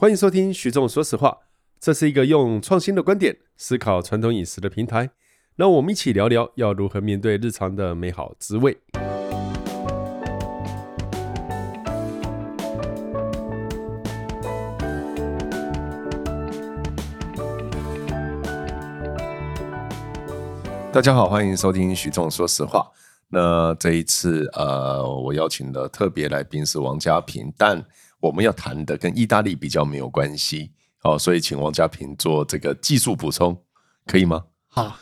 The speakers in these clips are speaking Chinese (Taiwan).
歡迎收聽徐仲說實話，這是一個用創新的觀點思考傳統飲食的平台。那我們一起聊聊要如何面對日常的美好滋味。大家好，歡迎收聽徐仲說實話。那這一次，呃，我邀請的特別來賓是王嘉平，但。我們要談的跟意大利比較沒有關係哦，所以請王嘉平做這個技術補充，可以嗎？好，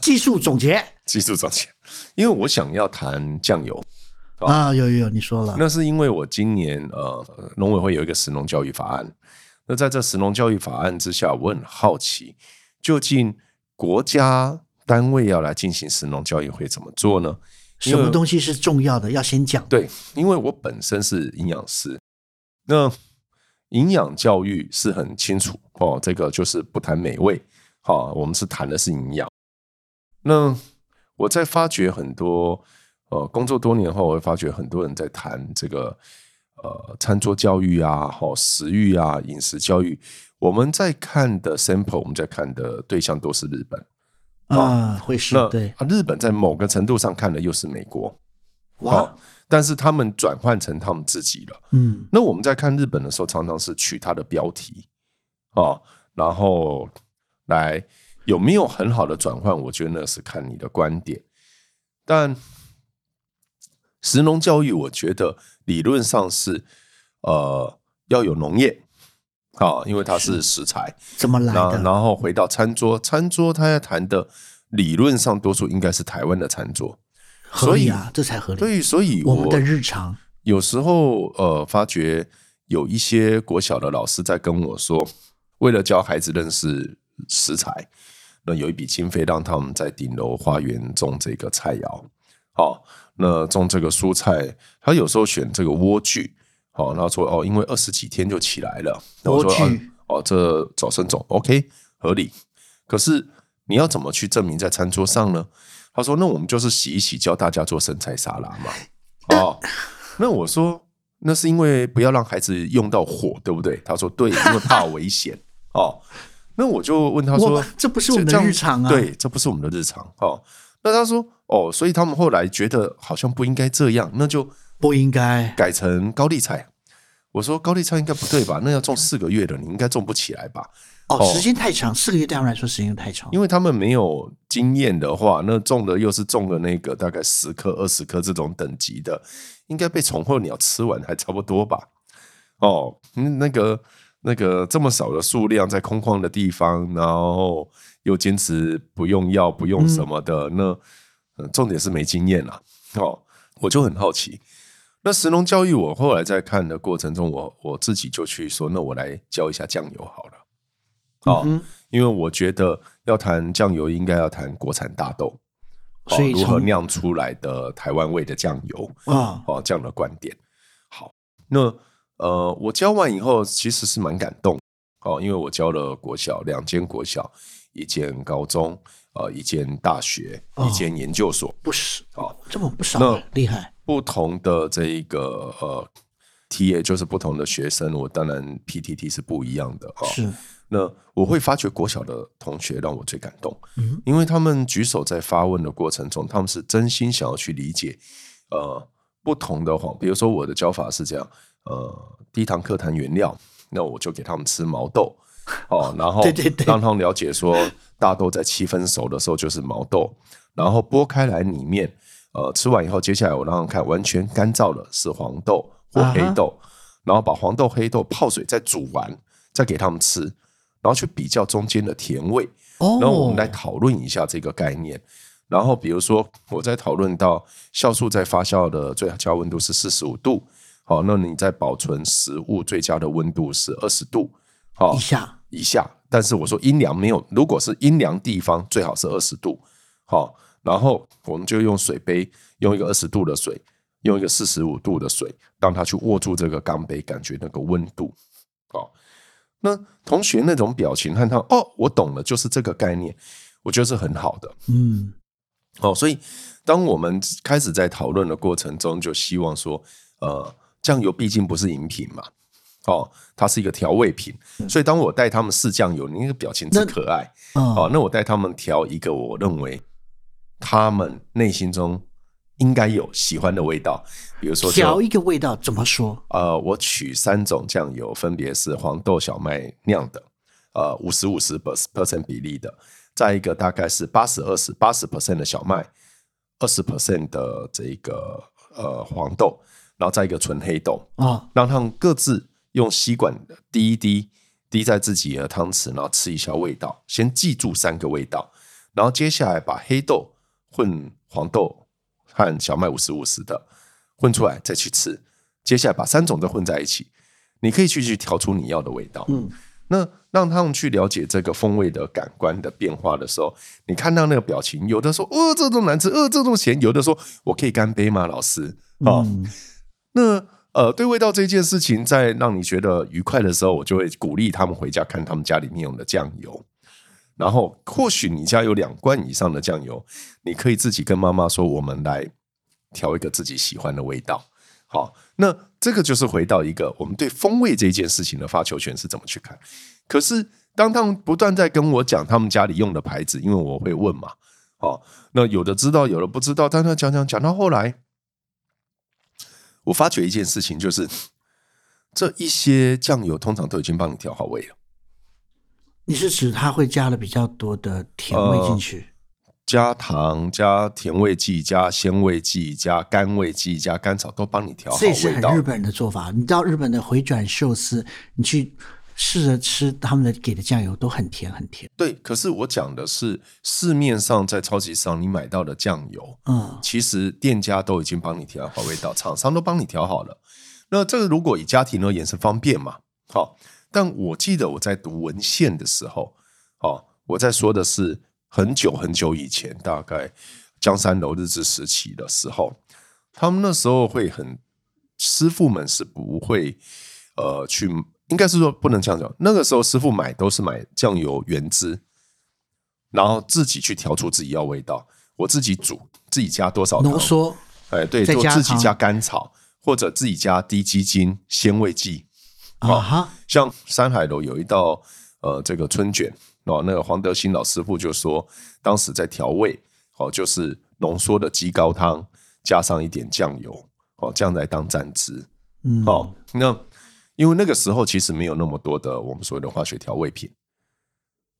技術總結， 技術總結，因為我想要談醬油啊，有有有，你說了，那是因為我今年呃，農委會有一個食農教育法案，那在這食農教育法案之下，我很好奇，究竟國家單位要來進行食農教育會怎麼做呢？什麼東西是重要的，為要先講。對，因為我本身是營養師，那營養教育是很清楚哦。這個就是不談美味，哈、哦，我們是談的是營養。那我在發覺很多，呃，工作多年後，我會發覺很多人在談這個，呃，餐桌教育啊，好、哦，食欲啊，飲食教育。我們在看的 sample，我們在看的對象都是日本。哦、啊，會那是對日本在某個程度上看的又是美國，哇！啊、但是他們轉換成他們自己了，嗯。那我們在看日本的時候，常常是取它的標題啊、哦，然後來有沒有很好的轉換？我覺得那是看你的觀點。但食農教育，我覺得理論上是呃要有農業。好，因為它是食材是，怎麼來的？然後回到餐桌，餐桌它要談的理論上多數應該是台灣的餐桌，啊、所以啊，以這才合理。對，所以我們的日常有時候呃，發覺有一些國小的老師在跟我說，為了教孩子認識食材，那有一筆經費讓他們在頂樓花園種這個菜餚，好，那種這個蔬菜，他有時候選這個萵苣。哦，我說哦，因為二十幾天就起來了。我說嗯，取哦，這早生種 OK 合理。可是你要怎麼去證明在餐桌上呢？他說：“那我們就是洗一洗，教大家做生菜沙拉嘛。”哦，呃、那我說那是因為不要讓孩子用到火，對不對？他說：“對，因為怕危險。” 哦，那我就問他說：“這不是我們的日常啊？”對，這不是我們的日常哦。那他說：“哦，所以他們後來覺得好像不應該這樣，那就。”不應該改成高麗菜。我說高麗菜應該不對吧？那要種四個月的，嗯、你應該種不起來吧？哦，時間太長，哦、四個月對他們來說時間太長。因為他們沒有經驗的話，那種的又是種的那個大概十顆二十顆這種等級的，應該被蟲或鳥吃完還差不多吧？哦，嗯、那個那個這麼少的數量在空曠的地方，然後又堅持不用藥不用什麼的，嗯、那、呃、重點是沒經驗啊！哦，嗯、我就很好奇。那食農教育，我後來在看的過程中我，我我自己就去說，那我來教一下醬油好了，哦、嗯哼啊，因為我覺得要談醬油，應該要談國產大豆，啊、所如何釀出來的台灣味的醬油、哦、啊，哦這樣的觀點。好，那呃，我教完以後其實是蠻感動，哦、啊，因為我教了國小兩間，國小一間，高中呃一間，大學、哦、一間，研究所不是哦，啊、這麼不少、啊，那厲害。不同的這一個呃，T A 就是不同的學生，我當然 P T T 是不一樣的啊。哦、是，那我會發覺國小的同學讓我最感動，嗯、因為他們舉手在發問的過程中，他們是真心想要去理解。呃，不同的話，話比如說我的教法是這樣，呃，第一堂課談原料，那我就給他們吃毛豆，哦，然後讓他們了解說，大豆在七分熟的時候就是毛豆， 對對對然後剝開來裡面。呃，吃完以後，接下來我讓他們看完全乾燥的是黃豆或黑豆，uh huh. 然後把黃豆、黑豆泡水再煮完，再給他們吃，然後去比較中間的甜味。Oh. 然後我們來討論一下這個概念。然後比如說，我在討論到酵素在發酵的最佳溫度是四十五度，好、哦，那你在保存食物最佳的溫度是二十度，好、哦，以下以下。但是我說陰涼沒有，如果是陰涼地方，最好是二十度，好、哦。然後我們就用水杯，用一個二十度的水，用一個四十五度的水，讓他去握住這個鋼杯，感覺那個溫度。哦，那同學那種表情看他，哦，我懂了，就是這個概念。我覺得是很好的。嗯，哦，所以當我們開始在討論的過程中，就希望說，呃，醬油畢竟不是飲品嘛，哦，它是一個調味品。嗯，所以當我帶他們試醬油，那個表情真可愛。哦，哦，那我帶他們調一個，我認為。他們內心中應該有喜歡的味道，比如說調一個味道怎麼說？呃，我取三種醬油，分別是黃豆小、呃、小麥釀的，呃，五十五十 percent 比例的，再一個大概是八十二十八十 percent 的小麥，二十 percent 的這個呃黃豆，然後再一個純黑豆啊，讓他們各自用吸管滴一滴，滴在自己的湯匙，然後吃一下味道，先記住三個味道，然後接下來把黑豆。混黃豆和小麥五十五十的混出來再去吃，接下來把三種都混在一起，你可以去去調出你要的味道。嗯，那讓他們去了解這個風味的感官的變化的時候，你看到那個表情，有的說，哦，這種難吃，呃、哦、這種鹹，有的說，我可以乾杯嗎老師啊？哦嗯、那呃對味道這件事情，在讓你覺得愉快的時候，我就會鼓勵他們回家看他們家裡面用的醬油。然後，或許你家有兩罐以上的醬油，你可以自己跟媽媽說，我們來調一個自己喜歡的味道。好，那這個就是回到一個我們對風味這一件事情的發球權是怎麼去看。可是，當他們不斷在跟我講他們家裡用的牌子，因為我會問嘛。好，那有的知道，有的不知道。但他講講講到後來，我發覺一件事情，就是這一些醬油通常都已經幫你調好味了。你是指它會加了比較多的甜味進去，呃、加糖、加甜味劑、加鮮味劑、加甘味劑、加甘草都幫你調好。這是日本人的做法。你到日本的回轉壽司，你去試着吃他們的給的醬油，都很甜，很甜。對，可是我講的是市面上在超級市場你買到的醬油，嗯，其實店家都已經幫你調好味道，廠商都幫你調好了。那這個如果以家庭而言是方便嘛。好。但我記得我在讀文獻的時候，哦，我在說的是很久很久以前，大概江山樓日治時期的時候，他們那時候會很，師傅們是不會呃去，應該是說不能這樣講。那個時候師傅買都是買醬油原汁，然後自己去調出自己要味道。我自己煮，自己加多少濃縮？說哎，對，就自己加甘草或者自己加低雞精鮮味劑。好啊哈，像山海樓有一道呃，這個春卷，哦，那個黃德興老師傅就說，當時在調味，哦，就是濃縮的雞高湯加上一點醬油，哦，這樣來當蘸汁。嗯，哦，那因為那個時候其實沒有那麼多的我們所謂的化學調味品，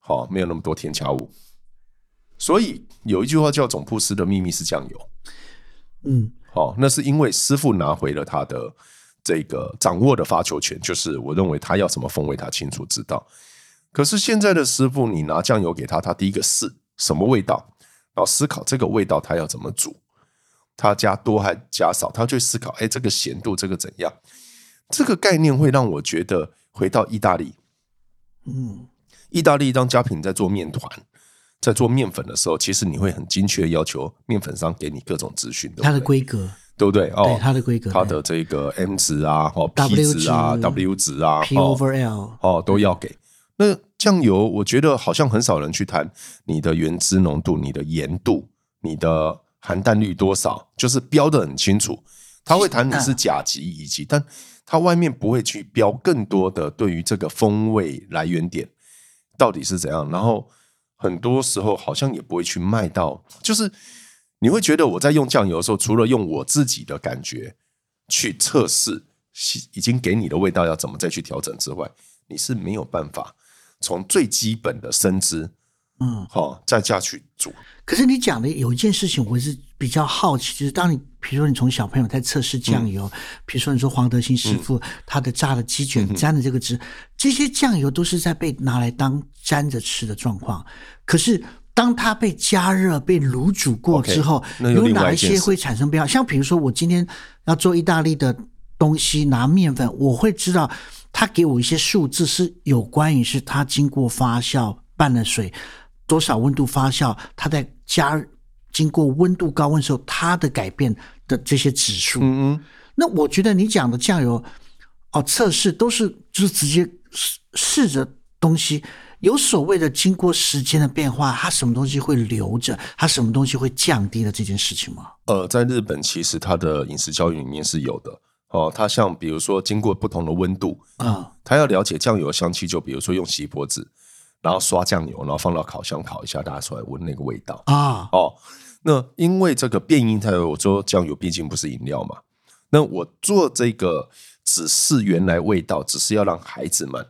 好、哦，沒有那麼多添加物，所以有一句話叫“總鋪師的秘密是醬油”。嗯，哦，那是因為師傅拿回了他的。這個掌握的發球權，就是我認為他要什麼風味，他清楚知道。可是現在的師傅，你拿醬油給他，他第一個是什麼味道，然後思考這個味道他要怎麼煮，他加多還加少，他就思考。哎，這個鹹度，這個怎樣？這個概念會讓我覺得回到意大利，嗯，意大利當嘉平在做麵團，在做麵粉的時候，其實你會很精確要求麵粉商給你各種資訊的。它的規格。對不對？對哦，它的規格，它的這個 M 值啊，對哦 P 值啊 W，W 值啊，W 值啊，P over L 哦，哦，都要給。對那醬油，我覺得好像很少人去談你的原汁濃度、你的鹽度、你的含氮率多少，就是標的很清楚。他會談你是甲級、乙級、啊，但他外面不會去標更多的對於這個風味來源點到底是怎樣，然後很多時候好像也不會去賣到，就是。你會覺得我在用醬油的時候，除了用我自己的感覺去測試已經給你的味道要怎麼再去調整之外，你是沒有辦法從最基本的生汁，嗯，好在家去煮。可是你講的有一件事情，我是比較好奇，就是當你比如說你從小朋友在測試醬油，比、嗯、如說你說黃德興師傅、嗯、他的炸的雞捲沾的這個汁，嗯、這些醬油都是在被拿來當沾着吃的狀況，可是。當它被加熱、被滷煮過之後，okay, 有一哪一些會產生變化？像比如說，我今天要做意大利的東西，拿麵粉，我會知道它給我一些數字是有關於是它經過發酵拌了水多少溫度發酵，它在加經過溫度高溫時候它的改變的這些指數。嗯嗯，那我覺得你講的醬油哦測試都是就是直接試着東西。有所謂的經過時間的變化，它什麼東西會留着，它什麼東西會降低的這件事情嗎？呃，在日本其實它的飲食教育裡面是有的哦。它像比如說，經過不同的溫度啊，哦、它要了解醬油的香氣，就比如說用錫箔紙，然後刷醬油，然後放到烤箱烤一下，大家出來聞那個味道啊。哦，哦，那因為這個變音，它我說醬油畢竟不是飲料嘛。那我做這個只是原來味道，只是要讓孩子們。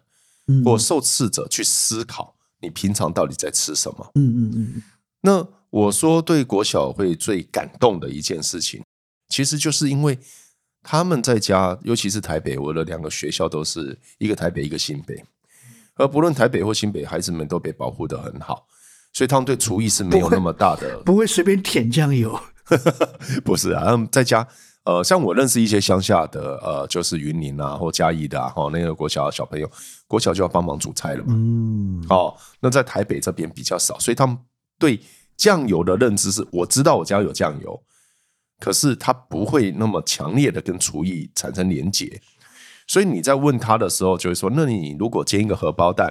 或、嗯、受賜者去思考你平常到底在吃什麼？嗯嗯嗯。嗯嗯，那我說對國小會最感動的一件事情，其實就是因為他們在家，尤其是台北，我的兩個學校都是一個台北一個新北，而不論台北或新北，孩子們都被保護得很好，所以他們對廚藝是沒有那麼大的，不會隨便舔醬油。 不是啊，在家。呃，像我認識一些鄉下的呃，就是雲林啊，或嘉義的啊、哦、那個國小小、小朋友，國小就要幫忙煮菜了嘛。嗯，好、哦，那在台北這邊比較少，所以他們對醬油的認知是，我知道我家有醬油，可是他不會那麼強烈的跟廚藝產生連結。所以你在問他的時候，就會說，那你如果煎一個荷包蛋，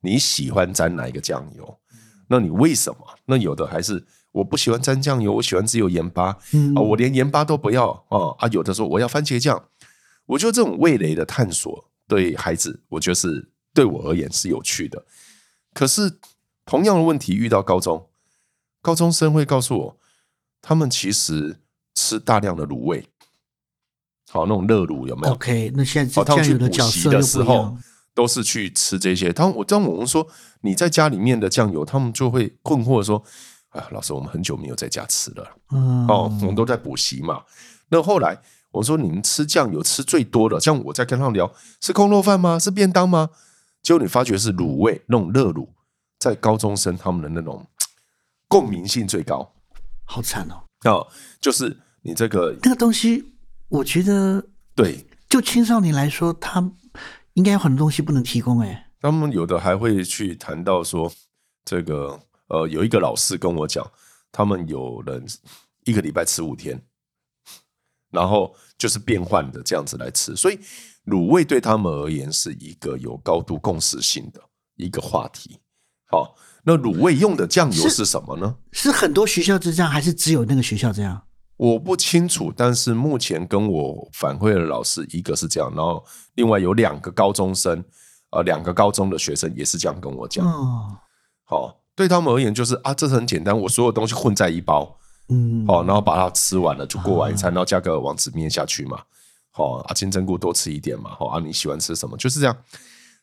你喜歡沾哪一個醬油？那你為什麼？那有的還是。我不喜歡沾醬油，我喜歡只有鹽巴啊、嗯哦！我連鹽巴都不要、哦、啊，有的時候我要番茄醬。我覺得這種味蕾的探索，對孩子，我覺、就、得是對我而言是有趣的。可是同樣的問題遇到高中，高中生會告訴我，他們其實吃大量的滷味，好那種熱滷有沒有？OK，那現在好，醬油、哦、的補習的時候都是去吃這些。當我當我問說你在家裡面的醬油，他們就會困惑說。啊，老師，我們很久沒有在家吃了。嗯，哦，我們都在補習嘛。那後來我說，你們吃醬油吃最多的，像我在跟他們聊，是控肉飯嗎？是便當嗎？結果你發覺是滷味，那種熱滷，在高中生他們的那種共鳴性最高。好慘哦！哦，就是你這個那個東西，我覺得對，就青少年來說，他應該有很多東西不能提供哎。他們有的還會去談到說這個。呃，有一個老師跟我講，他們有人一個禮拜吃五天，然後就是變換的這樣子來吃，所以滷味對他們而言是一個有高度共識性的一個話題。好、哦，那滷味用的醬油是什麼呢？是，是很多學校是這樣，還是只有那個學校這樣？我不清楚，但是目前跟我反饋的老師一個是這樣，然後另外有兩個高中生，呃，兩個高中的學生也是這樣跟我講。哦，好、哦。對他們而言，就是啊，這是很簡單，我所有東西混在一包，嗯，哦，然後把它吃完了就過完一餐，啊、然後加個王子麵下去嘛，哦啊，金針菇多吃一點嘛，哦啊，你喜歡吃什麼？就是這樣。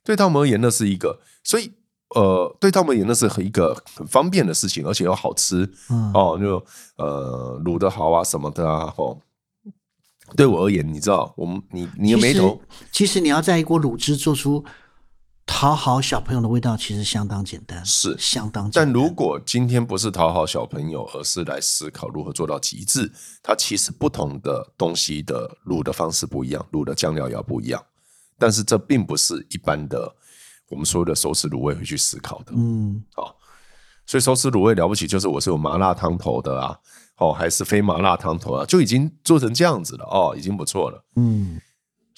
對他們而言，那是一個，所以呃，對他們而言，那是很一個很方便的事情，而且又好吃，嗯、哦，就呃，滷的好啊什麼的啊，哦。對我而言，你知道，我們你你又沒頭其，其實你要在一鍋滷汁做出。討好小朋友的味道其實相當簡單，是相當簡單。但如果今天不是討好小朋友，而是來思考如何做到極致，它其實不同的東西的滷的方式不一樣，滷的醬料也要不一樣。但是這並不是一般的我們所有的熟食滷味會去思考的。嗯，好，哦，所以熟食滷味了不起，就是我是有麻辣湯頭的啊，哦，還是非麻辣湯頭啊，就已經做成這樣子了哦，已經不錯了。嗯。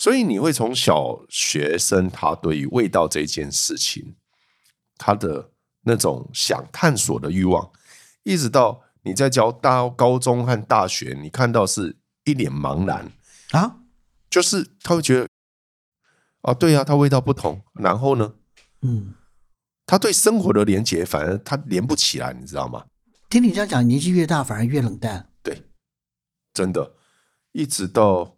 所以你會從小學生他對於味道這件事情，他的那種想探索的欲望，一直到你在教大高中和大學，你看到是一臉茫然啊，就是他會覺得，哦，對呀，它味道不同，然後呢，嗯，他對生活的連接反而他連不起來，你知道嗎？聽你這樣講，年紀越大反而越冷淡，對，真的，一直到，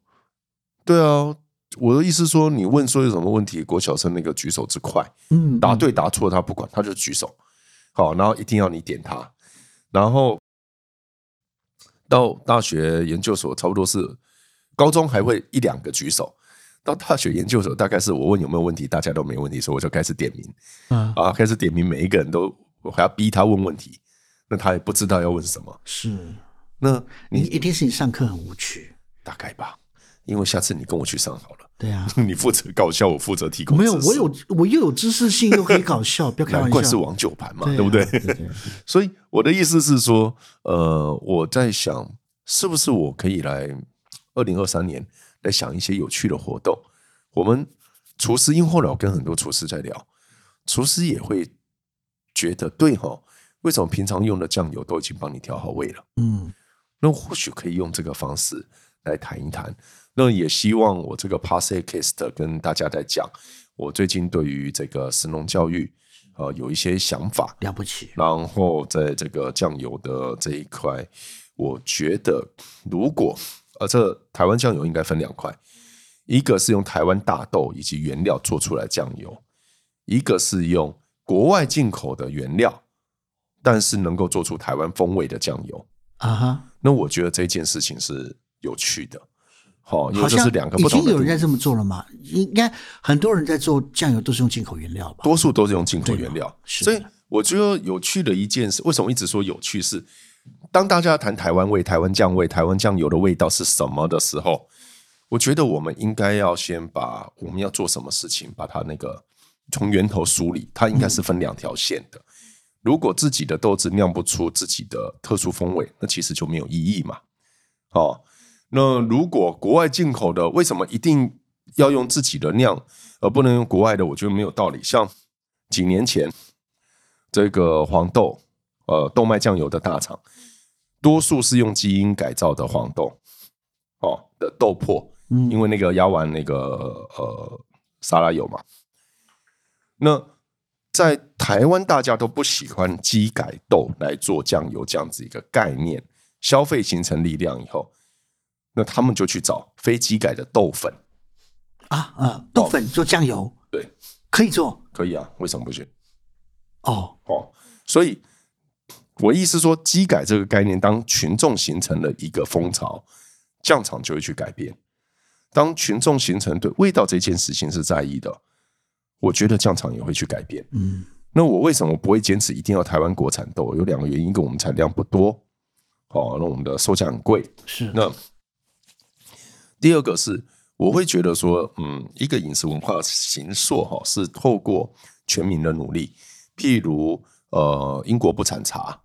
對啊。我的意思說，你問說有什麼問題？國小生那個舉手之快，嗯，答對答錯他不管，他就舉手。好，然後一定要你點他。然後到大學研究所，差不多是高中還會一兩個舉手，到大學研究所大概是我問有沒有問題，大家都沒問題，所以我就開始點名。嗯、啊，開始點名，每一個人都我還要逼他問問題，那他也不知道要問什麼。是，那你一定是你上課很無趣，大概吧。因為下次你跟我去上好了。對啊，你負責搞笑，我負責提供。沒有，我有，我又有知識性，又可以搞笑，不要開玩笑。難怪是王九盤嘛，對，啊、對不對？對對對。所以我的意思是說，呃，我在想，是不是我可以來二零二三年來想一些有趣的活動？我們廚師因後來我跟很多廚師在聊，廚師也會覺得對哈、哦。為什麼平常用的醬油都已經幫你調好味了？嗯，那或許可以用這個方式來談一談。那也希望我這個 podcast 跟大家在講，我最近對於這個食農教育，呃，有一些想法。了不起。然後在這個醬油的這一塊，我覺得如果，啊，這台灣醬油應該分兩塊，一個是用台灣大豆以及原料做出來醬油，一個是用國外進口的原料，但是能夠做出台灣風味的醬油、uh。啊哈。那我覺得這件事情是有趣的。好，兩個不同。已經有人在這麼做了嘛。應該很多人在做醬油都是用進口原料吧？多數都是用進口原料，所以我覺得有趣的一件事，為什麼一直說有趣？是當大家談台灣味、台灣醬味、台灣醬油的味道是什麼的時候，我覺得我們應該要先把我們要做什麼事情，把它那個從源頭梳理。它應該是分兩條線的。如果自己的豆子釀不出自己的特殊風味，那其實就沒有意義嘛。哦。那如果國外進口的，為什麼一定要用自己的釀，而不能用國外的？我覺得沒有道理。像幾年前這個黃豆，呃，豆麥醬油的大廠，多數是用基因改造的黃豆，哦的豆粕，嗯、因為那個壓完那個呃沙拉油嘛。那在台灣，大家都不喜歡基改豆來做醬油這樣子一個概念，消費形成力量以後。那他們就去找非基改的豆粉啊，啊，豆粉做醬油。哦，對，可以做，可以啊，為什麼不行？哦哦，所以我意思說，基改這個概念，當群眾形成了一個風潮，醬廠就會去改變。當群眾形成對味道這件事情是在意的，我覺得醬廠也會去改變。嗯，那我為什麼不會堅持一定要台灣國產豆？有兩個原因，一個我們產量不多，好，哦，那我們的售價很貴，是那。第二個是，我會覺得說，嗯，一個飲食文化的形塑哈，是透過全民的努力，譬如呃，英國不產茶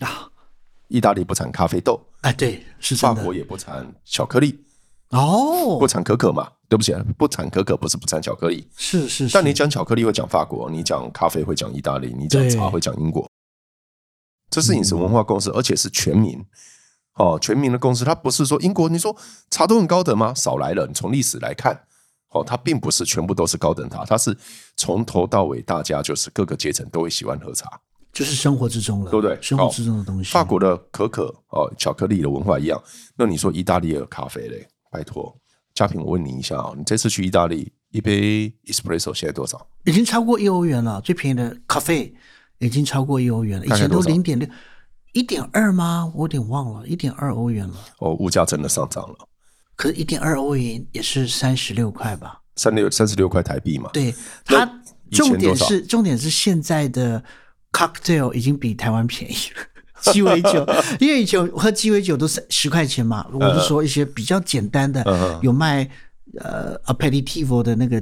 啊，意大利不產咖啡豆，哎、啊，對，是法國也不產巧克力，哦，不產可可嘛？對不起，不產可可不是不產巧克力，是是是。但你講巧克力會講法國，你講咖啡會講意大利，你講茶會講英國，對這是飲食文化共識，嗯、而且是全民。哦，全民的公司，它不是說英國，你說茶都很高等嗎？少來了，你從歷史來看，哦，它並不是全部都是高等茶，它是從頭到尾，大家就是各個階層都會喜歡喝茶，就是生活之中的，對不對？生活之中的東西。法國的可可，哦，巧克力的文化一樣。那你說意大利的咖啡嘞？拜托，嘉平，我問你一下啊，哦，你這次去意大利，一杯 espresso 現在多少？已經超過一歐元了，最便宜的咖啡已經超過一歐元了，看看以前都零點六。一點二嗎？我有點忘了，一點二歐元了。哦，物價真的上漲了。可是，一點二歐元也是三十六塊吧？三六三十六塊台幣嘛。對那它，重點是重點是現在的 cocktail 已經比台灣便宜了。雞 尾酒 因為以前喝雞尾酒都是十塊錢嘛， 我就說一些比較簡單的，嗯、哼有賣呃 appetitivo 的那個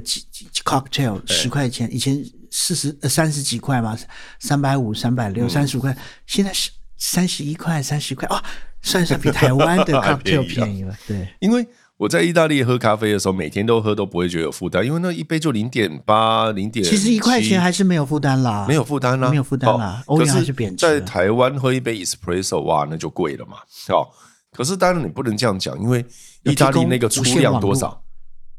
cocktail 十塊對錢，以前四十呃三十幾塊嘛，三百五、三百六、三十五塊，現在是。三十一塊、三十塊哦，算算比台灣的 還便宜,、啊、便宜了。對，因為我在意大利喝咖啡的時候，每天都喝都不會覺得有負擔，因為那一杯就零點八、零點，其實一塊錢還是沒有負擔啦，沒有負擔啦，沒有負擔啦。哦、是了可是，在台灣喝一杯 espresso，哇，那就貴了嘛，是、哦、吧？可是當然你不能這樣講，因為意大利那個出量多少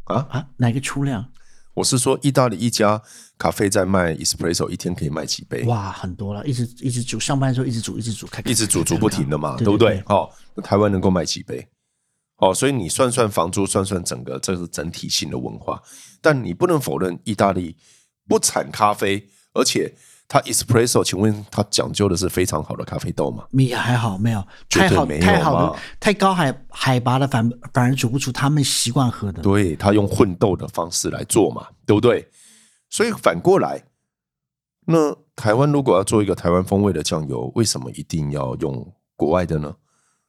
啊啊？哪個出量？我是說，意大利一家咖啡在賣 espresso，一天可以賣幾杯？哇，很多了，一直一直煮，上班的時候一直煮，一直煮，開，一直煮煮不停的嘛，對不對？對對對，哦，台灣能夠賣幾杯？哦，所以你算算房租，算算整個，這是整體性的文化。但你不能否認，意大利不產咖啡，而且。它 espresso，請問它講究的是非常好的咖啡豆嗎？沒有，還好，沒有，太好太好嘛太高海海拔了，反反而煮不出他們習慣喝的。對，他用混豆的方式來做嘛，對不對？所以反過來，那台灣如果要做一個台灣風味的醬油，為什麼一定要用國外的呢？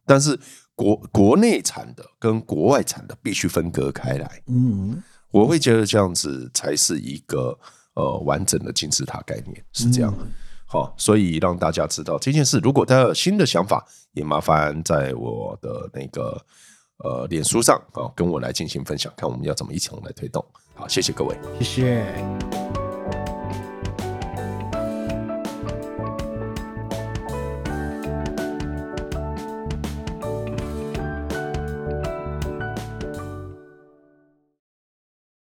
但是國國內產的跟國外產的必須分隔開來。嗯，嗯，我會覺得這樣子才是一個。呃，完整的金字塔概念是這樣的，好、嗯哦，所以讓大家知道這件事。如果他有新的想法，也麻煩在我的那個呃臉書上啊、哦，跟我來進行分享，看我們要怎麼一起來推動。好，謝謝各位，謝謝。